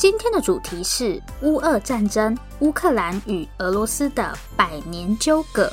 今天的主題是烏俄戰爭，烏克蘭與俄羅斯的百年糾葛。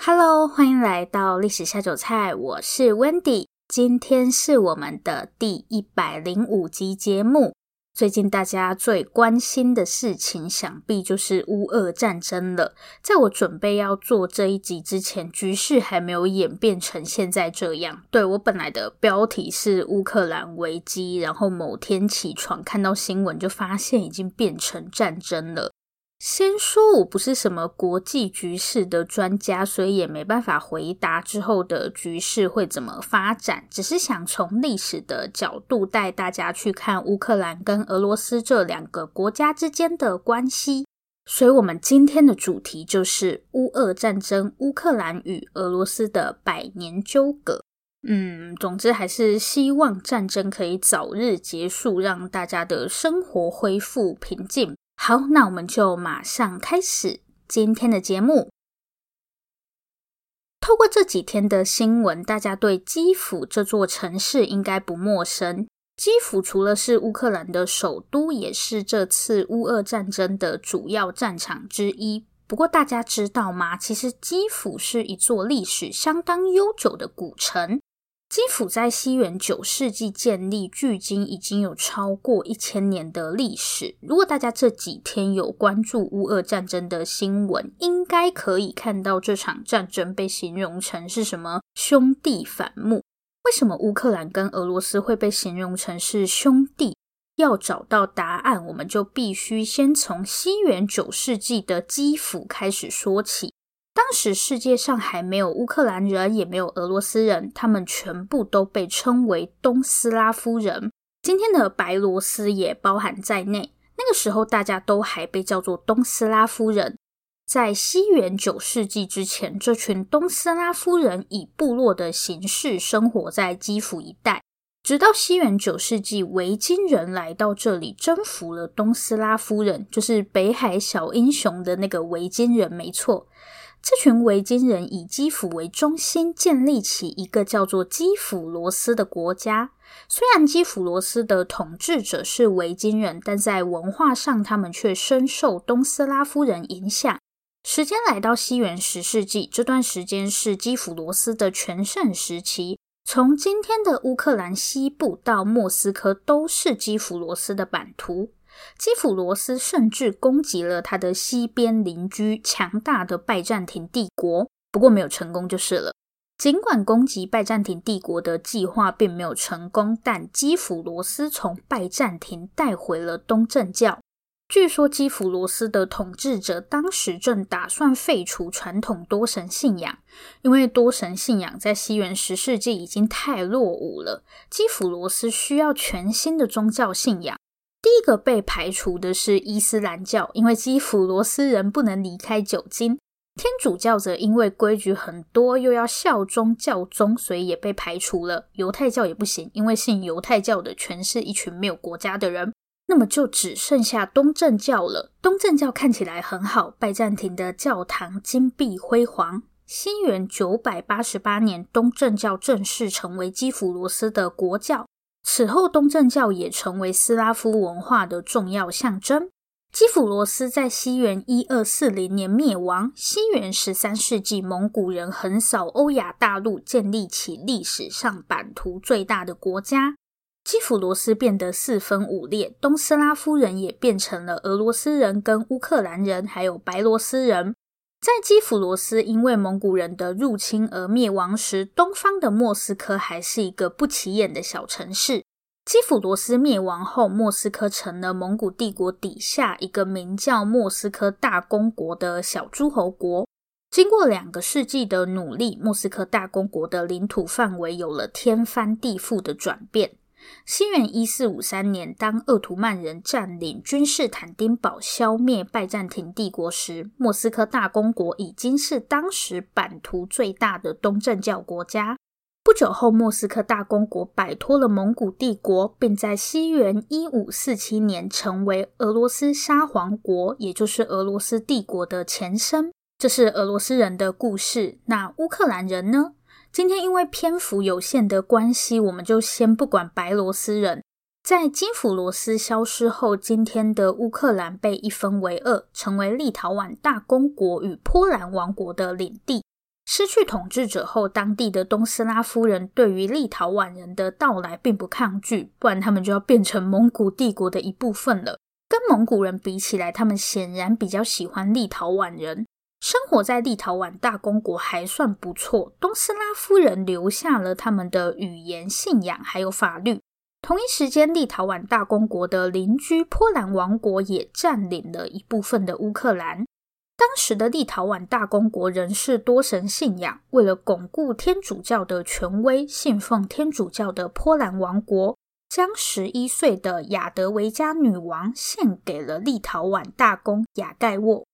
Hello，歡迎來到歷史下酒菜，我是 Wendy，今天是我們的第一百零五集節目。最近大家最關心的事情，想必就是烏俄戰爭了。在我準備要做這一集之前，局勢還沒有演變成現在這樣。對，我本來的標題是“烏克蘭危機”，然後某天起床看到新聞，就發現已經變成戰爭了。先說，我不是什麼國際局勢的專家，所以也沒辦法回答之後的局勢會怎麼發展。只是想從歷史的角度帶大家去看烏克蘭跟俄羅斯這兩個國家之間的關係。所以，我們今天的主題就是烏俄戰爭：烏克蘭與俄羅斯的百年糾葛。嗯，總之還是希望戰爭可以早日結束，讓大家的生活恢復平靜。好，那我們就馬上開始今天的節目。透過這幾天的新聞，大家對基輔這座城市應該不陌生。基輔除了是烏克蘭的首都，也是這次烏俄戰爭的主要戰場之一。不過，大家知道嗎？其實基輔是一座歷史相當悠久的古城。基輔在西元九世紀建立，距今已經有超過一千年的歷史。如果大家這幾天有關注烏俄戰爭的新聞，應該可以看到這場戰爭被形容成是什麼兄弟反目？為什麼烏克蘭跟俄羅斯會被形容成是兄弟？要找到答案，我們就必須先從西元九世紀的基輔開始說起。當時世界上還沒有烏克蘭人，也沒有俄羅斯人，他們全部都被稱為東斯拉夫人。今天的白羅斯也包含在內。那個時候，大家都還被叫做東斯拉夫人。在西元九世紀之前，這群東斯拉夫人以部落的形式生活在基輔一帶，直到西元九世紀，維京人來到這裡，征服了東斯拉夫人，就是北海小英雄的那個維京人，沒錯。這群維京人以基輔為中心建立起一個叫做基輔羅斯的國家。雖然基輔羅斯的統治者是維京人，但在文化上，他們卻深受東斯拉夫人影響。時間來到西元十世紀，這段時間是基輔羅斯的全盛時期。從今天的烏克蘭西部到莫斯科，都是基輔羅斯的版圖。基輔羅斯甚至攻擊了他的西邊鄰居強大的拜占庭帝國，不過沒有成功就是了。儘管攻擊拜占庭帝國的計劃並沒有成功，但基輔羅斯從拜占庭帶回了東正教。據說基輔羅斯的統治者當時正打算廢除傳統多神信仰，因為多神信仰在西元十世紀已經太落伍了，基輔羅斯需要全新的宗教信仰。第一個被排除的是伊斯蘭教，因為基輔羅斯人不能離開酒精。天主教則因為規矩很多，又要效忠教宗，所以也被排除了。猶太教也不行，因為信猶太教的全是一群沒有國家的人。那麼就只剩下東正教了。東正教看起來很好，拜占庭的教堂金碧輝煌。西元九百八十八年，東正教正式成為基輔羅斯的國教。此後，東正教也成為斯拉夫文化的重要象徵。基輔羅斯在西元一二四零年滅亡。西元十三世紀，蒙古人橫掃歐亞大陸，建立起歷史上版圖最大的國家。基輔羅斯變得四分五裂，東斯拉夫人也變成了俄羅斯人跟烏克蘭人，還有白羅斯人。在基輔羅斯因為蒙古人的入侵而滅亡時，東方的莫斯科還是一個不起眼的小城市。基輔羅斯滅亡後，莫斯科成了蒙古帝國底下一個名叫莫斯科大公國的小諸侯國。經過兩個世紀的努力，莫斯科大公國的領土範圍有了天翻地覆的轉變。西元一四五三年，當鄂圖曼人佔領君士坦丁堡、消滅拜占庭帝國時，莫斯科大公國已經是當時版圖最大的東正教國家。不久後，莫斯科大公國擺脫了蒙古帝國，並在西元一五四七年成為俄羅斯沙皇國，也就是俄羅斯帝國的前身。這是俄羅斯人的故事。那烏克蘭人呢？今天因為篇幅有限的關係，我們就先不管白羅斯人。在基輔羅斯消失後，今天的烏克蘭被一分為二，成為立陶宛大公國與波蘭王國的領地。失去統治者後，當地的東斯拉夫人對於立陶宛人的到來並不抗拒，不然他們就要變成蒙古帝國的一部分了。跟蒙古人比起來，他們顯然比較喜歡立陶宛人。生活在立陶宛大公國還算不錯，東斯拉夫人留下了他們的語言、信仰還有法律。同一時間，立陶宛大公國的鄰居波蘭王國也佔領了一部分的烏克蘭。當時的立陶宛大公國仍是多神信仰，為了鞏固天主教的權威，信奉天主教的波蘭王國將十一歲的雅德維加女王獻給了立陶宛大公雅蓋沃。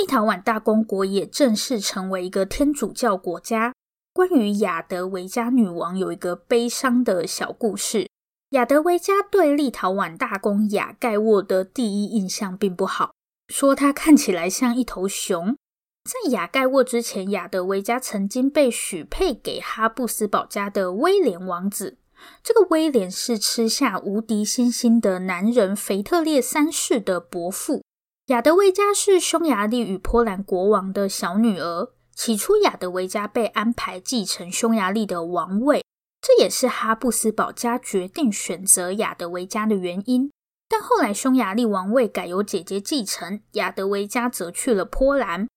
立陶宛大公國也正式成為一個天主教國家。關於雅德維加女王，有一個悲傷的小故事。雅德維加對立陶宛大公雅蓋沃的第一印象並不好，說他看起來像一頭熊。在雅蓋沃之前，雅德維加曾經被許配給哈布斯堡家的威廉王子。這個威廉是吃下無敵星星的男人，腓特烈三世的伯父。雅德維加是匈牙利與波蘭國王的小女兒。起初，雅德維加被安排繼承匈牙利的王位，這也是哈布斯堡家決定選擇雅德維加的原因。但後來，匈牙利王位改由姐姐繼承，雅德維加則去了波蘭。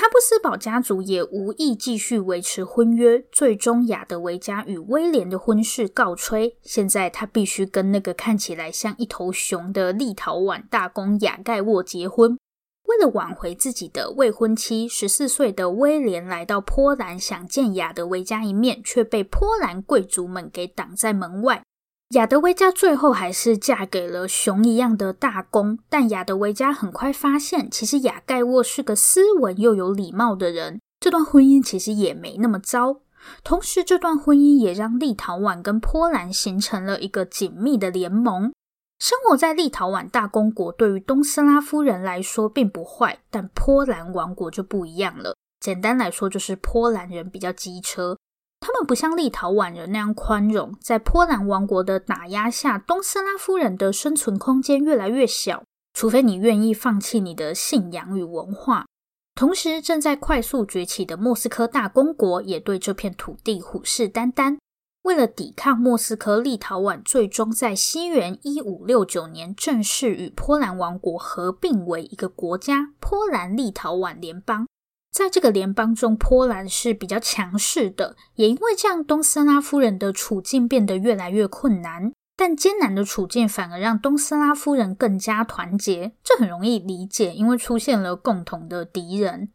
哈布斯堡家族也無意繼續維持婚約，最終雅德維加與威廉的婚事告吹。現在他必須跟那個看起來像一頭熊的立陶宛大公雅蓋沃結婚。為了挽回自己的未婚妻，十四歲的威廉來到波蘭，想見雅德維加一面，卻被波蘭貴族們給擋在門外。雅德維加最後還是嫁給了熊一樣的大公，但雅德維加很快發現，其實雅蓋沃是個斯文又有禮貌的人，這段婚姻其實也沒那麼糟。同時，這段婚姻也讓立陶宛跟波蘭形成了一個緊密的聯盟。生活在立陶宛大公國對於東斯拉夫人來說並不壞，但波蘭王國就不一樣了。簡單來說，就是波蘭人比較機車。他們不像立陶宛人那樣寬容，在波蘭王國的打壓下，東斯拉夫人的生存空間越來越小。除非你願意放棄你的信仰與文化，同時正在快速崛起的莫斯科大公國也對這片土地虎視眈眈。為了抵抗莫斯科，立陶宛最終在西元一五六九年正式與波蘭王國合併為一個國家——波蘭立陶宛聯邦。在這個聯邦中，波蘭是比較強勢的，也因為這樣，東斯拉夫人的處境變得越來越困難。但艱難的處境反而讓東斯拉夫人更加團結，這很容易理解，因為出現了共同的敵人。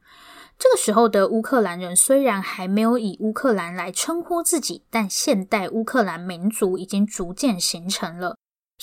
這個時候的烏克蘭人雖然還沒有以烏克蘭來稱呼自己，但現代烏克蘭民族已經逐漸形成了。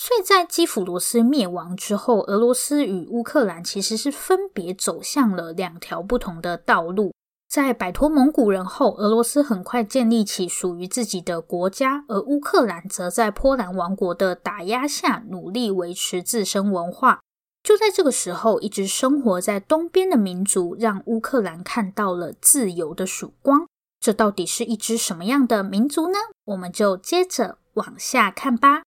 所以在基輔羅斯滅亡之後，俄羅斯與烏克蘭其實是分別走向了兩條不同的道路。在擺脫蒙古人後，俄羅斯很快建立起屬於自己的國家，而烏克蘭則在波蘭王國的打壓下努力維持自身文化。就在這個時候，一直生活在東邊的民族讓烏克蘭看到了自由的曙光。這到底是一支什麼樣的民族呢？我們就接着往下看吧。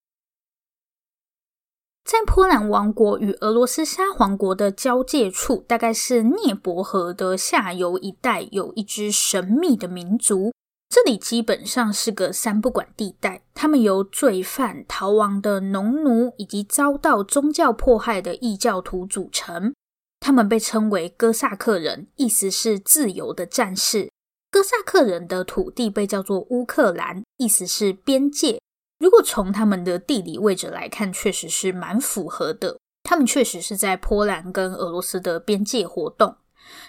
在波蘭王國與俄羅斯沙皇國的交界處，大概是聶伯河的下游一帶，有一支神秘的民族。這裡基本上是個三不管地帶。他們由罪犯、逃亡的農奴以及遭到宗教迫害的異教徒組成。他們被稱為哥薩克人，意思是自由的戰士。哥薩克人的土地被叫做烏克蘭，意思是邊界。如果從他們的地理位置來看，確實是蠻符合的。他們確實是在波蘭跟俄羅斯的邊界活動。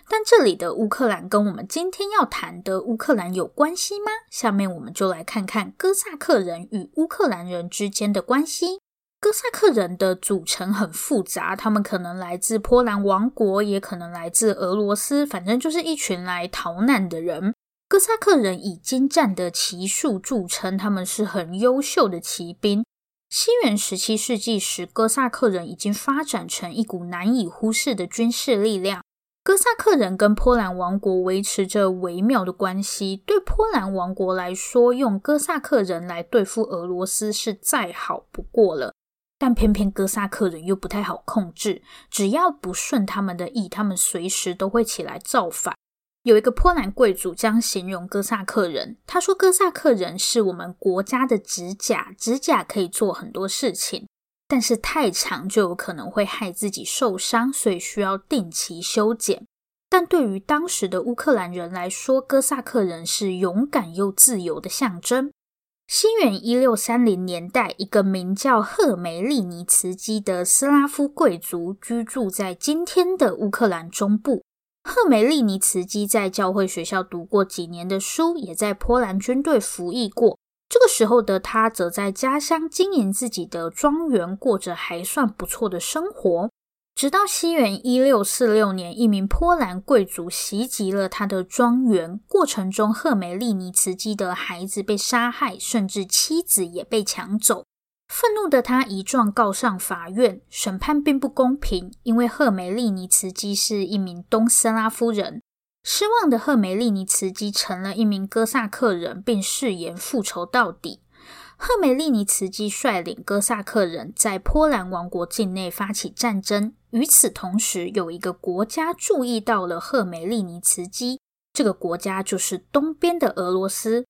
但這裡的烏克蘭跟我們今天要談的烏克蘭有關係嗎？下面我們就來看看哥薩克人與烏克蘭人之間的關係。哥薩克人的組成很複雜，他們可能來自波蘭王國，也可能來自俄羅斯，反正就是一群來逃難的人。哥薩克人以精湛的騎術著稱，他們是很優秀的騎兵。西元十七世紀時，哥薩克人已經發展成一股難以忽視的軍事力量。哥薩克人跟波蘭王國維持着微妙的關係，對波蘭王國來說，用哥薩克人來對付俄羅斯是再好不過了。但偏偏哥薩克人又不太好控制，只要不順他們的意，他們隨時都會起來造反。有一個波蘭貴族將形容哥薩克人，他說：“哥薩克人是我們國家的指甲，指甲可以做很多事情，但是太長就有可能會害自己受傷，所以需要定期修剪。”但對於當時的烏克蘭人來說，哥薩克人是勇敢又自由的象徵。公元一六三零年代，一個名叫赫梅利尼茨基的斯拉夫貴族居住在今天的烏克蘭中部。赫梅利尼茨基在教會學校讀過幾年的書，也在波蘭軍隊服役過。這個時候的他則在家鄉經營自己的莊園，過着還算不錯的生活。直到西元一六四六年，一名波蘭貴族襲擊了他的莊園，過程中赫梅利尼茨基的孩子被殺害，甚至妻子也被搶走。憤怒的他一狀告上法院，審判並不公平，因為赫梅利尼茨基是一名東斯拉夫人。失望的赫梅利尼茨基成了一名哥薩克人，並誓言復仇到底。赫梅利尼茨基率領哥薩克人在波蘭王國境內發起戰爭。與此同時，有一個國家注意到了赫梅利尼茨基，這個國家就是東邊的俄羅斯。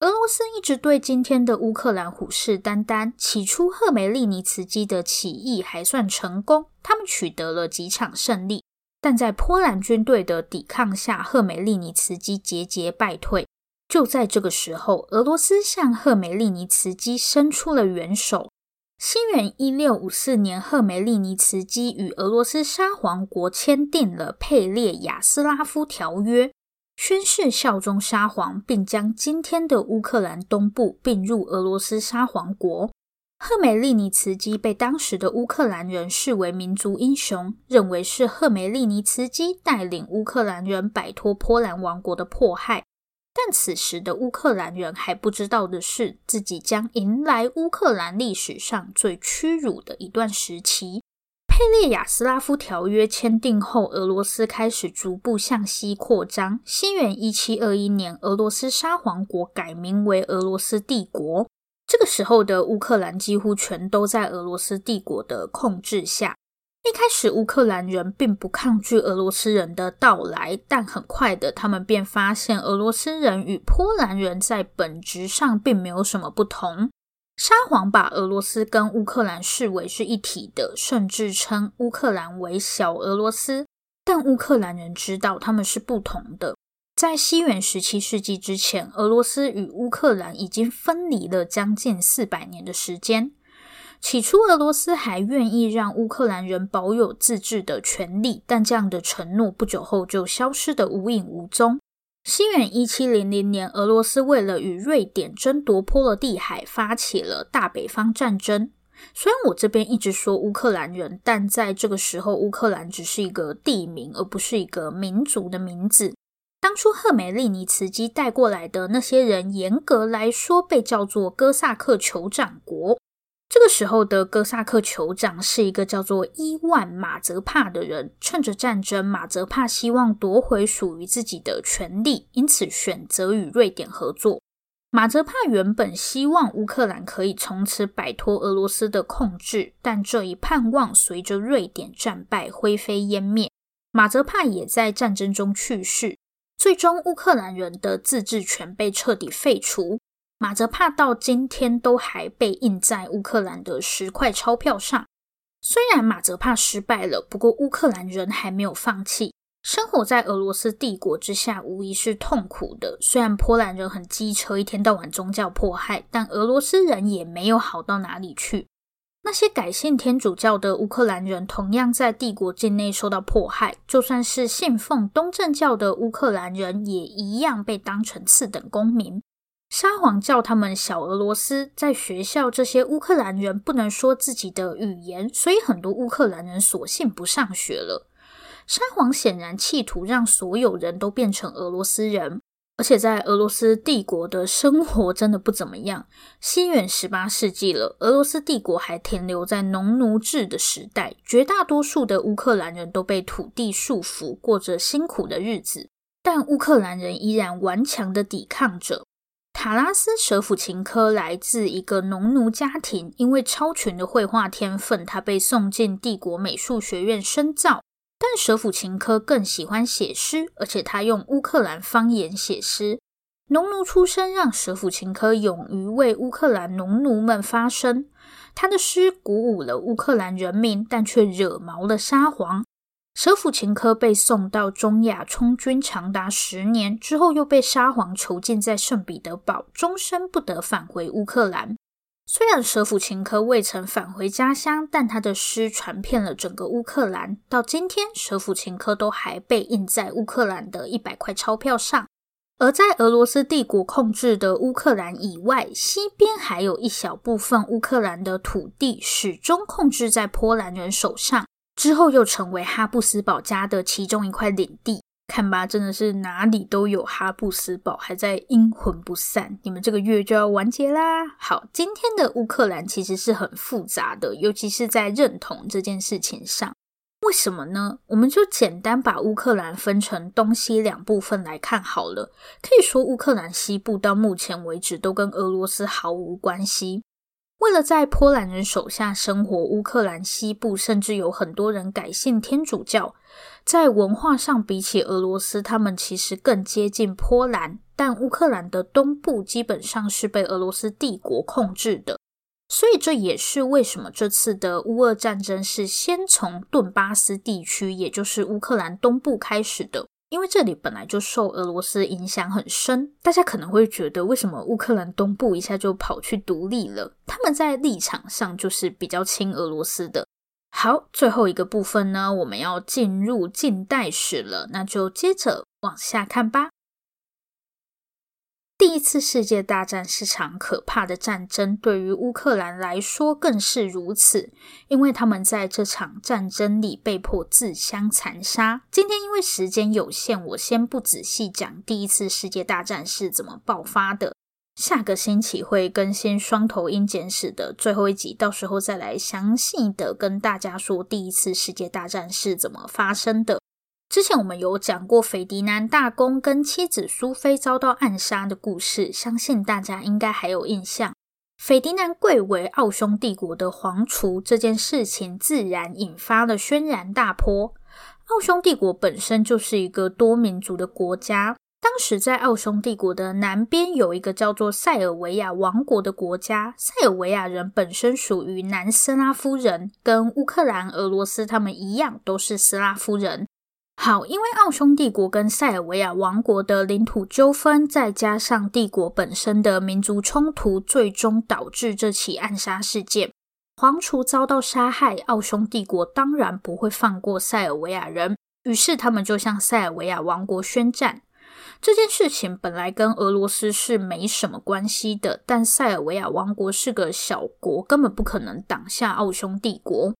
俄羅斯一直對今天的烏克蘭虎視眈眈。起初，赫梅利尼茨基的起義還算成功，他們取得了幾場勝利。但在波蘭軍隊的抵抗下，赫梅利尼茨基節節敗退。就在這個時候，俄羅斯向赫梅利尼茨基伸出了援手。西元一六五四年，赫梅利尼茨基與俄羅斯沙皇國簽訂了《佩列亞斯拉夫條約》。宣誓效忠沙皇，並將今天的烏克蘭東部併入俄羅斯沙皇國。赫梅利尼茨基被當時的烏克蘭人視為民族英雄，認為是赫梅利尼茨基帶領烏克蘭人擺脫波蘭王國的迫害。但此時的烏克蘭人還不知道的是，自己將迎來烏克蘭歷史上最屈辱的一段時期。《佩列亞斯拉夫條約》簽訂後，俄羅斯開始逐步向西擴張。西元一七二一年，俄羅斯沙皇國改名為俄羅斯帝國。這個時候的烏克蘭幾乎全都在俄羅斯帝國的控制下。一開始，烏克蘭人並不抗拒俄羅斯人的到來，但很快的，他們便發現俄羅斯人與波蘭人在本質上並沒有什麼不同。沙皇把俄羅斯跟烏克蘭視為是一體的，甚至稱烏克蘭為“小俄羅斯”。但烏克蘭人知道他們是不同的。在西元十七世紀之前，俄羅斯與烏克蘭已經分離了將近四百年的時間。起初，俄羅斯還願意讓烏克蘭人保有自治的權利，但這樣的承諾不久後就消失得無影無蹤。西元一七零零年，俄羅斯為了與瑞典爭奪波羅的海，發起了大北方戰爭。雖然我這邊一直說烏克蘭人，但在這個時候，烏克蘭只是一個地名，而不是一個民族的名字。當初赫梅利尼茨基帶過來的那些人，嚴格來說被叫做哥薩克酋長國。這個時候的哥薩克酋長是一個叫做伊萬·馬澤帕的人。趁着戰爭，馬澤帕希望奪回屬於自己的權力，因此選擇與瑞典合作。馬澤帕原本希望烏克蘭可以從此擺脫俄羅斯的控制，但這一盼望隨着瑞典戰敗灰飛煙滅。馬澤帕也在戰爭中去世。最終，烏克蘭人的自治權被徹底廢除。馬澤帕到今天都還被印在烏克蘭的十塊鈔票上。雖然馬澤帕失敗了，不過烏克蘭人還沒有放棄。生活在俄羅斯帝國之下無疑是痛苦的。雖然波蘭人很機車，一天到晚宗教迫害，但俄羅斯人也沒有好到哪裡去。那些改信天主教的烏克蘭人，同樣在帝國境內受到迫害。就算是信奉東正教的烏克蘭人，也一樣被當成次等公民。沙皇叫他們小俄羅斯，在學校，這些烏克蘭人不能說自己的語言，所以很多烏克蘭人索性不上學了。沙皇顯然企圖讓所有人都變成俄羅斯人，而且在俄羅斯帝國的生活真的不怎麼樣。西元十八世紀了，俄羅斯帝國還停留在農奴制的時代，絕大多數的烏克蘭人都被土地束縛，過着辛苦的日子，但烏克蘭人依然頑強的抵抗着。卡拉斯·舍甫琴科來自一個農奴家庭，因為超群的繪畫天分，他被送進帝國美術學院深造。但舍甫琴科更喜歡寫詩，而且他用烏克蘭方言寫詩。農奴出身讓舍甫琴科勇於為烏克蘭農奴們發聲，他的詩鼓舞了烏克蘭人民，但卻惹毛了沙皇。舍甫琴科被送到中亞充軍，長達十年之後，又被沙皇囚禁在聖彼得堡，終身不得返回烏克蘭。雖然舍甫琴科未曾返回家鄉，但他的詩傳遍了整個烏克蘭。到今天，舍甫琴科都還被印在烏克蘭的一百塊鈔票上。而在俄羅斯帝國控制的烏克蘭以外，西邊還有一小部分烏克蘭的土地始終控制在波蘭人手上。之後又成為哈布斯堡家的其中一塊領地。看吧，真的是哪裡都有哈布斯堡，還在陰魂不散。你們這個月就要完結啦。好，今天的烏克蘭其實是很複雜的，尤其是在認同這件事情上。為什麼呢？我們就簡單把烏克蘭分成東西兩部分來看好了。可以說，烏克蘭西部到目前為止都跟俄羅斯毫無關係。為了在波蘭人手下生活，烏克蘭西部甚至有很多人改信天主教。在文化上，比起俄羅斯，他們其實更接近波蘭。但烏克蘭的東部基本上是被俄羅斯帝國控制的，所以這也是為什麼這次的烏俄戰爭是先從頓巴斯地區，也就是烏克蘭東部開始的。因為這裡本來就受俄羅斯影響很深，大家可能會覺得為什麼烏克蘭東部一下就跑去獨立了，他們在立場上就是比較親俄羅斯的。好，最後一個部分呢，我們要進入近代史了，那就接着往下看吧。第一次世界大戰是場可怕的戰爭，對於烏克蘭來說更是如此，因為他們在這場戰爭裡被迫自相殘殺。今天因為時間有限，我先不仔細講第一次世界大戰是怎麼爆發的。下個星期會更新《雙頭鷹簡史》的最後一集，到時候再來詳細的跟大家說第一次世界大戰是怎麼發生的。之前我們有講過斐迪南大公跟妻子蘇菲遭到暗殺的故事，相信大家應該還有印象。斐迪南貴為奧匈帝國的皇儲，這件事情自然引發了軒然大波。奧匈帝國本身就是一個多民族的國家，當時在奧匈帝國的南邊有一個叫做塞爾維亞王國的國家，塞爾維亞人本身屬於南斯拉夫人，跟烏克蘭、俄羅斯他們一樣，都是斯拉夫人。好，因為奧匈帝國跟塞爾維亞王國的領土糾紛，再加上帝國本身的民族衝突，最終導致這起暗殺事件，皇儲遭到殺害。奧匈帝國當然不會放過塞爾維亞人，於是他們就向塞爾維亞王國宣戰。這件事情本來跟俄羅斯是沒什麼關係的，但塞爾維亞王國是個小國，根本不可能擋下奧匈帝國。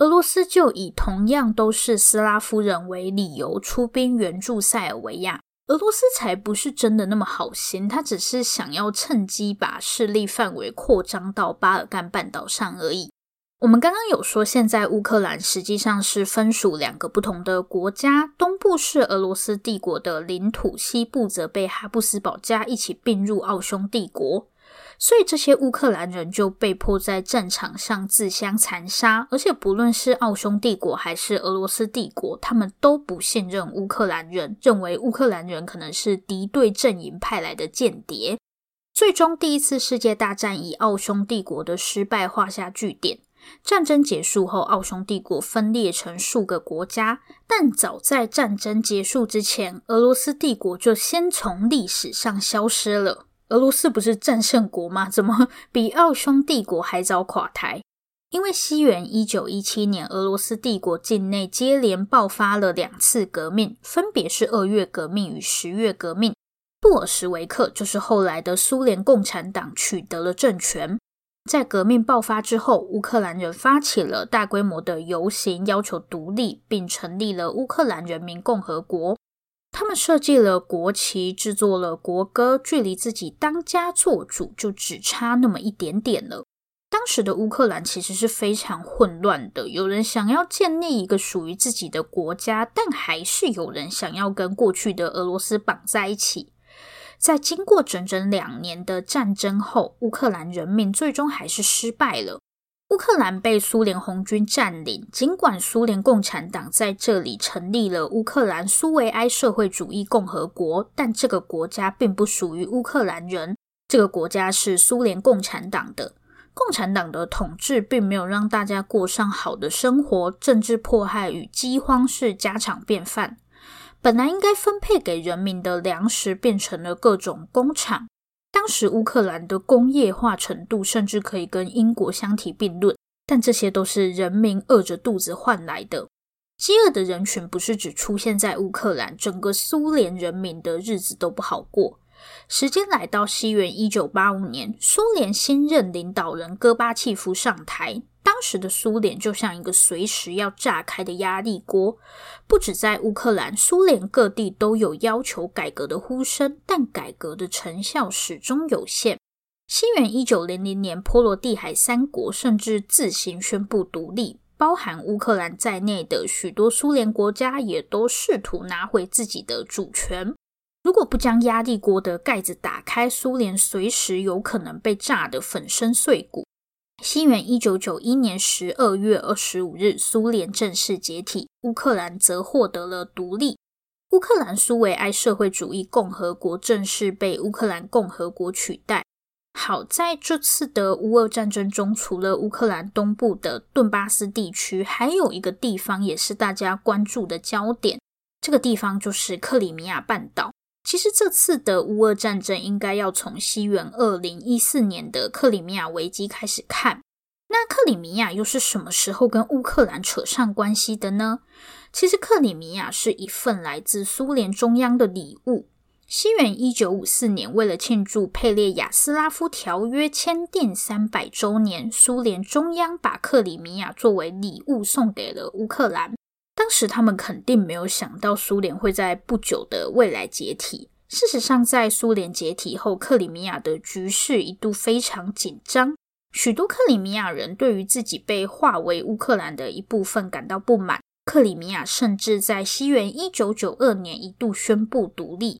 俄羅斯就以同樣都是斯拉夫人為理由出兵援助塞爾維亞，俄羅斯才不是真的那麼好心，他只是想要趁機把勢力範圍擴張到巴爾干半島上而已。我們剛剛有說，現在烏克蘭實際上是分屬兩個不同的國家，東部是俄羅斯帝國的領土，西部則被哈布斯堡家一起併入奧匈帝國。所以這些烏克蘭人就被迫在戰場上自相殘殺，而且不論是奧匈帝國還是俄羅斯帝國，他們都不信任烏克蘭人，認為烏克蘭人可能是敵對陣營派來的間諜。最終，第一次世界大戰以奧匈帝國的失敗畫下句點。戰爭結束後，奧匈帝國分裂成數個國家，但早在戰爭結束之前，俄羅斯帝國就先從歷史上消失了。俄羅斯不是戰勝國嗎？怎麼比奧匈帝國還早垮台？因為西元一九一七年，俄羅斯帝國境內接連爆發了兩次革命，分別是二月革命與十月革命。布爾什維克就是後來的蘇聯共產黨，取得了政權。在革命爆發之後，烏克蘭人發起了大規模的遊行，要求獨立，並成立了烏克蘭人民共和國。他們設計了國旗，製作了國歌，距離自己當家做主就只差那麼一點點了。當時的烏克蘭其實是非常混亂的，有人想要建立一個屬於自己的國家，但還是有人想要跟過去的俄羅斯綁在一起。在經過整整兩年的戰爭後，烏克蘭人民最終還是失敗了。烏克蘭被蘇聯紅軍佔領，儘管蘇聯共產黨在這裡成立了烏克蘭蘇維埃社會主義共和國，但這個國家並不屬於烏克蘭人。這個國家是蘇聯共產黨的，共產黨的統治並沒有讓大家過上好的生活，政治迫害與饑荒是家常便飯。本來應該分配給人民的糧食變成了各種工廠。當時烏克蘭的工業化程度甚至可以跟英國相提並論，但這些都是人民餓着肚子換來的。飢餓的人群不是只出現在烏克蘭，整個蘇聯人民的日子都不好過。時間來到西元一九八五年，蘇聯新任領導人戈巴契夫上台。當時的蘇聯就像一個隨時要炸開的壓力鍋，不止在烏克蘭，蘇聯各地都有要求改革的呼聲，但改革的成效始終有限。西元一九零零年，波羅的海三國甚至自行宣布獨立，包含烏克蘭在內的許多蘇聯國家也都試圖拿回自己的主權。如果不將壓力鍋的蓋子打開，蘇聯隨時有可能被炸得粉身碎骨。西元一九九一年十二月二十五日，蘇聯正式解體，烏克蘭則獲得了獨立。烏克蘭蘇維埃社會主義共和國正式被烏克蘭共和國取代。好在這次的烏俄戰爭中，除了烏克蘭東部的頓巴斯地區，還有一個地方也是大家關注的焦點，這個地方就是克里米亞半島。其實這次的烏俄戰爭應該要從西元二零一四年的克里米亞危機開始看。那克里米亞又是什麼時候跟烏克蘭扯上關係的呢？其實克里米亞是一份來自蘇聯中央的禮物。西元一九五四年，為了慶祝《佩列亞斯拉夫條約》簽訂三百週年，蘇聯中央把克里米亞作為禮物送給了烏克蘭。當時他們肯定沒有想到蘇聯會在不久的未來解體。事實上，在蘇聯解體後，克里米亞的局勢一度非常緊張。許多克里米亞人對於自己被劃為烏克蘭的一部分感到不滿。克里米亞甚至在西元一九九二年一度宣布獨立。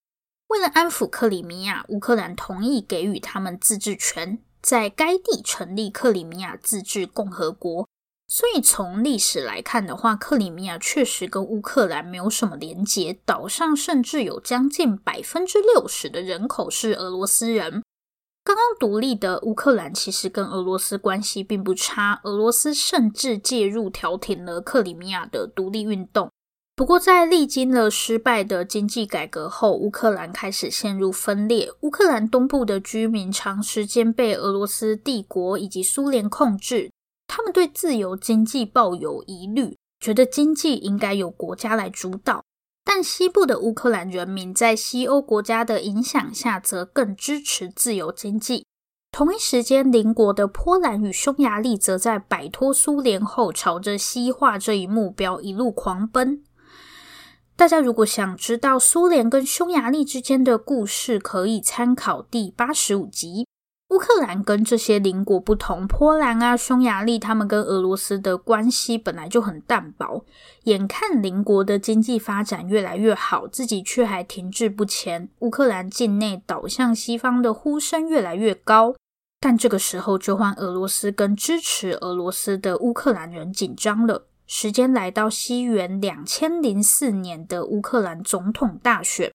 為了安撫克里米亞，烏克蘭同意給予他們自治權，在該地成立克里米亞自治共和國。所以從歷史來看的話，克里米亞確實跟烏克蘭沒有什麼連結。島上甚至有將近百分之六十的人口是俄羅斯人。剛剛獨立的烏克蘭其實跟俄羅斯關係並不差，俄羅斯甚至介入調停了克里米亞的獨立運動。不過，在歷經了失敗的經濟改革後，烏克蘭開始陷入分裂。烏克蘭東部的居民長時間被俄羅斯帝國以及蘇聯控制。他們對自由經濟抱有疑慮，覺得經濟應該由國家來主導。但西部的烏克蘭人民在西歐國家的影響下，則更支持自由經濟。同一時間，鄰國的波蘭與匈牙利則在擺脫蘇聯後，朝着西化這一目標一路狂奔。大家如果想知道蘇聯跟匈牙利之間的故事，可以參考第八十五集。烏克蘭跟這些鄰國不同，波蘭啊、匈牙利，他們跟俄羅斯的關係本來就很淡薄。眼看鄰國的經濟發展越來越好，自己卻還停滯不前，烏克蘭境內倒向西方的呼聲越來越高。但這個時候，就換俄羅斯跟支持俄羅斯的烏克蘭人緊張了。時間來到西元兩千零四年的烏克蘭總統大選。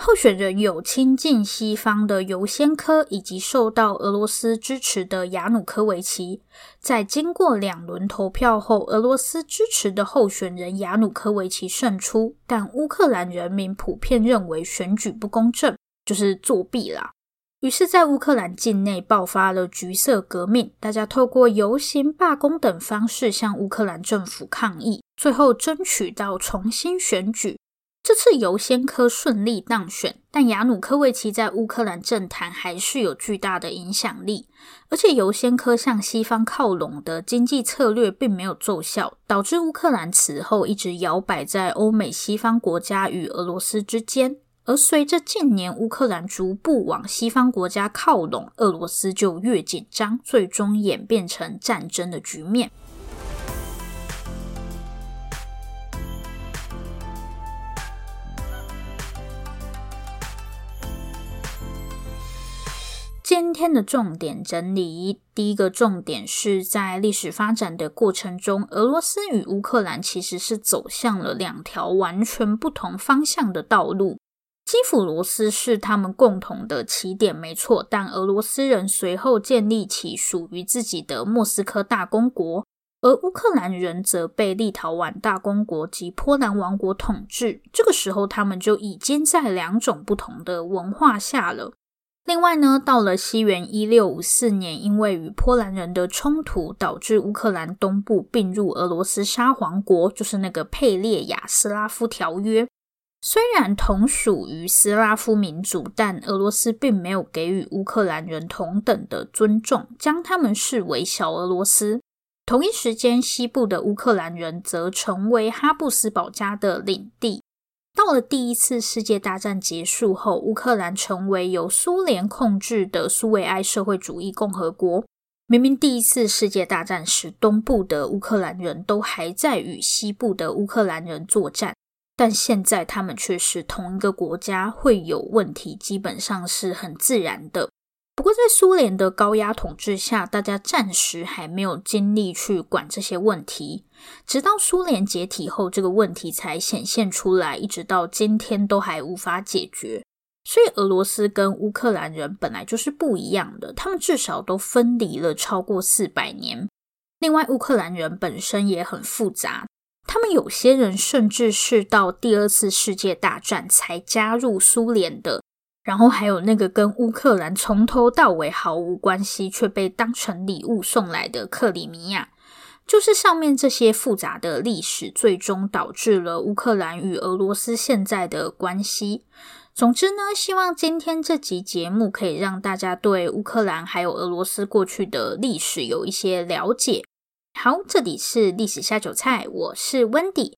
候選人有親近西方的尤先科以及受到俄羅斯支持的亞努科維奇。在經過兩輪投票後，俄羅斯支持的候選人亞努科維奇勝出，但烏克蘭人民普遍認為選舉不公正，就是作弊啦。於是，在烏克蘭境內爆發了橘色革命，大家透過遊行、罷工等方式向烏克蘭政府抗議，最後爭取到重新選舉。這次尤先科順利當選，但亞努科維奇在烏克蘭政壇還是有巨大的影響力。而且尤先科向西方靠攏的經濟策略並沒有奏效，導致烏克蘭此後一直搖擺在歐美西方國家與俄羅斯之間。而隨着近年烏克蘭逐步往西方國家靠攏，俄羅斯就越緊張，最終演變成戰爭的局面。今天的重點整理，第一個重點是在歷史發展的過程中，俄羅斯與烏克蘭其實是走向了兩條完全不同方向的道路。基輔羅斯是他們共同的起點，沒錯，但俄羅斯人隨後建立起屬於自己的莫斯科大公國，而烏克蘭人則被立陶宛大公國及波蘭王國統治。這個時候，他們就已經在兩種不同的文化下了。另外呢，到了西元一六五四年，因為與波蘭人的衝突，導致烏克蘭東部併入俄羅斯沙皇國，就是那個佩列亞斯拉夫條約。雖然同屬於斯拉夫民族，但俄羅斯並沒有給予烏克蘭人同等的尊重，將他們視為小俄羅斯。同一時間，西部的烏克蘭人則成為哈布斯堡家的領地。到了第一次世界大戰結束後，烏克蘭成為由蘇聯控制的蘇維埃社會主義共和國。明明第一次世界大戰時，東部的烏克蘭人都還在與西部的烏克蘭人作戰，但現在他們卻是同一個國家，會有問題，基本上是很自然的。不過，在蘇聯的高壓統治下，大家暫時還沒有精力去管這些問題。直到蘇聯解體後，這個問題才顯現出來，一直到今天都還無法解決。所以，俄羅斯跟烏克蘭人本來就是不一樣的，他們至少都分離了超過四百年。另外，烏克蘭人本身也很複雜，他們有些人甚至是到第二次世界大戰才加入蘇聯的。然後還有那個跟烏克蘭從頭到尾毫無關係，卻被當成禮物送來的克里米亞，就是上面這些複雜的歷史，最終導致了烏克蘭與俄羅斯現在的關係。總之呢，希望今天這集節目可以讓大家對烏克蘭還有俄羅斯過去的歷史有一些了解。好，這裡是歷史下酒菜，我是溫迪。